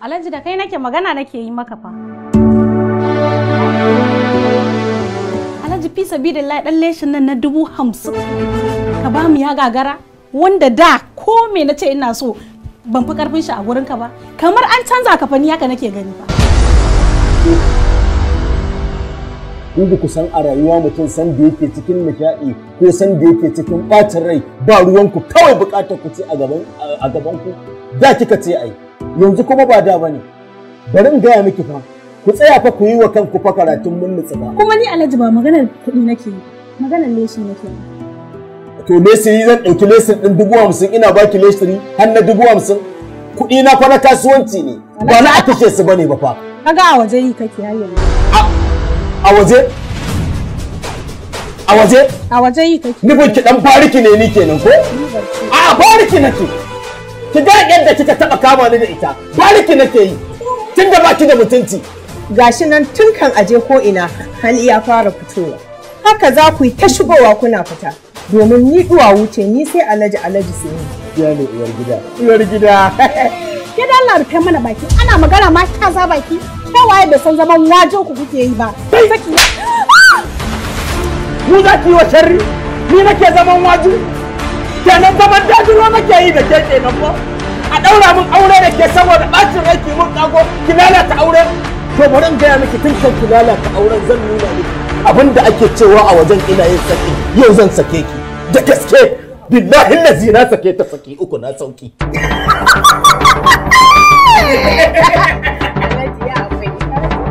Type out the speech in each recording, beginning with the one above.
Alhaji da kai nake magana nake yi maka fa. Alhaji fi sabidillahi dan leshin nan na dubu hamsin. Ka ba mu ya gagara wanda da ko me nace ina so ban fi karfin shi a gurin ka ba. Kamar an canza ka fani haka nake gani fa. In ku san a rayuwa mutum san da yake cikin nishaɗi ko san da yake cikin ɓacin rai ba ruwanku kawai buƙatar ku ce a gaban ku da kika ce ai. yanzu kuma ba da bane bari in gaya miki fa ku tsaya fa ku yi wa kanku fa karatun mun nutsu ba kuma ni alhaji ba maganar kuɗi nake maganar leshi nake yi to lesiri zan ɗauki lesin ɗin dubu hamsin ina baki lesiri har na dubu hamsin kuɗi na fa na kasuwanci ne ba na a kashe su bane ba fa kaga a waje yi kake har yanzu a waje a waje a waje yi kake nufin ki dan bariki ne ni kenan ko a bariki nake ki ga yadda kika taba kama ni da ita bariki nake yi tun da baki da mutunci gashi nan tun kan aje ko ina hali ya fara fitowa haka za ku yi ta shigowa kuna fita domin ni duwa wuce ni sai alaji alaji sai ni ya ne uwar gida uwar gida ke da Allah rufe mana baki ana magana ma ka za baki ta waye bai san zaman wajen ku kuke yi ba mu za ki yi wa sharri ni nake zaman waju kenan zaman dajiro nake yi da ke kenan ba a daura mun aure da ke saboda bacin rai ki mun kago ki lalata aure to bari in gaya miki tun kan ki lalata auren zan nuna miki abinda ake cewa a wajen ina yin saki yau zan sake ki da gaske billahi lazi na sake ta saki uku na sauki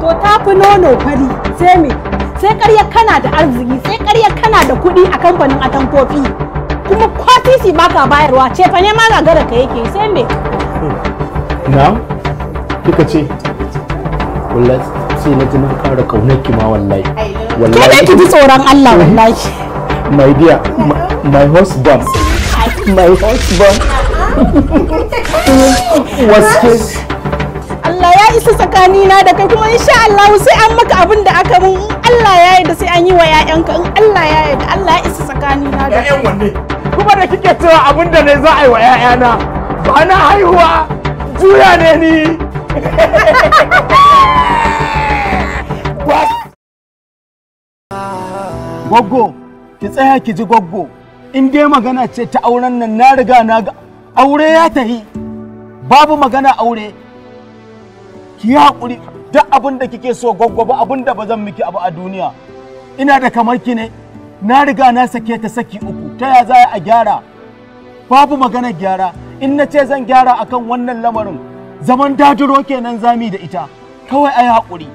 to ta fi nono fari sai me sai karya kana da arziki sai karya kana da kuɗi a kamfanin atamfofi kuma kwatisi ba ka bayarwa ce fa ne ma gagara ka yake sai me na kika ce wallahi sai na ji na ƙara kaunar ki ma wallahi wallahi ki ji tsoron Allah wallahi my dear my husband my husband was his Allah ya isa tsakanina da kai kuma insha Allah sai an maka abin da aka mun Allah ya yi da sai an yi wa 'ya'yanka in Allah ya yi da Allah ya isa 'ya'yan wanne kuma da kike cewa abin da ne za a yi wa yaya ba na haihuwa juya ne ni gwaggo ki tsaya ki ji goggo in dai magana ce ta auren nan na riga na ga aure ya tahi babu magana aure ki yi haƙuri duk abin da kike so goggo ba abin da ba zan miki abu a duniya ina da kamar ki ne na riga na sake ta saki uku ta ya za a gyara babu magana gyara in na ce zan gyara akan wannan lamarin zaman dajiro kenan zami da ita kawai ai hakuri.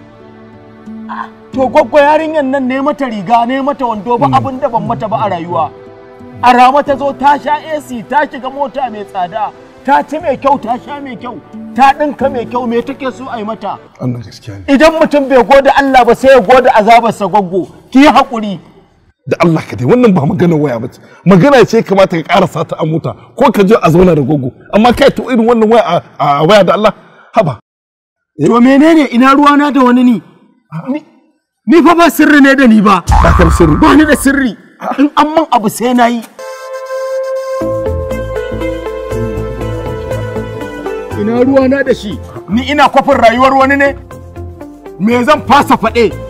to gwaggwa yarinyar nan ne mata riga ne mata wando ba hmm. abin da ban mata ba a rayuwa a rama ta zo ta sha AC ta shiga mota mai tsada ta ci mai kyau ta sha mai kyau ta ɗinka mai kyau me take so a yi mata idan mutum bai gode Allah ba sai ya gode azabarsa gwaggo ki haƙuri da Allah ka dai wannan ba magana waya ba ce magana ce kamata ka karasa ta a mota ko ka je a zauna da gogo amma kai to irin wannan waya a waya da Allah haba to menene ina ruwa na da wani ni ni fa ba sirri ne da ni ba ba kan sirri ba ni da sirri in amma abu sai nayi ina ruwa na da shi ni ina kofin rayuwar wani ne me zan fasa faɗe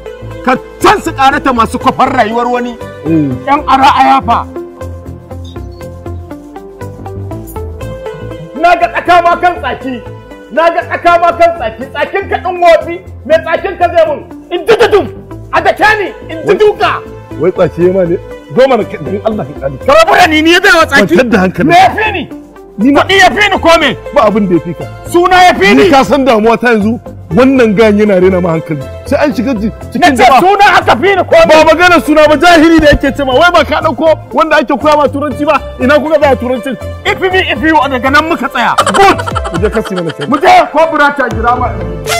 ka can su karata masu kwafar rayuwar wani yan ara a na ga tsaka ma kan tsaki na ga tsaka ma kan tsaki tsakin ka din wofi mai tsakin ka zai mun in dududum a da ni in duka. wai tsaki ma ne goma na kadin Allah ka tsani ka rabu ni ni ya zai wa tsaki ban da hankali me yafi ni ni ma ya fi ni ko me ba abin da ya fi ka suna ya fi ni ka san damuwa ta yanzu wannan gayan yana rena ma hankali sai an shiga cikin jama'a suna aka fi ni ko ba magana suna ba jahili da yake cewa wai ba ka dauko wanda ake koya ma turanci ba ina kuka ba turanci ifi if ifi daga nan muka tsaya good mu je kasi mana mu je ko burata jira ma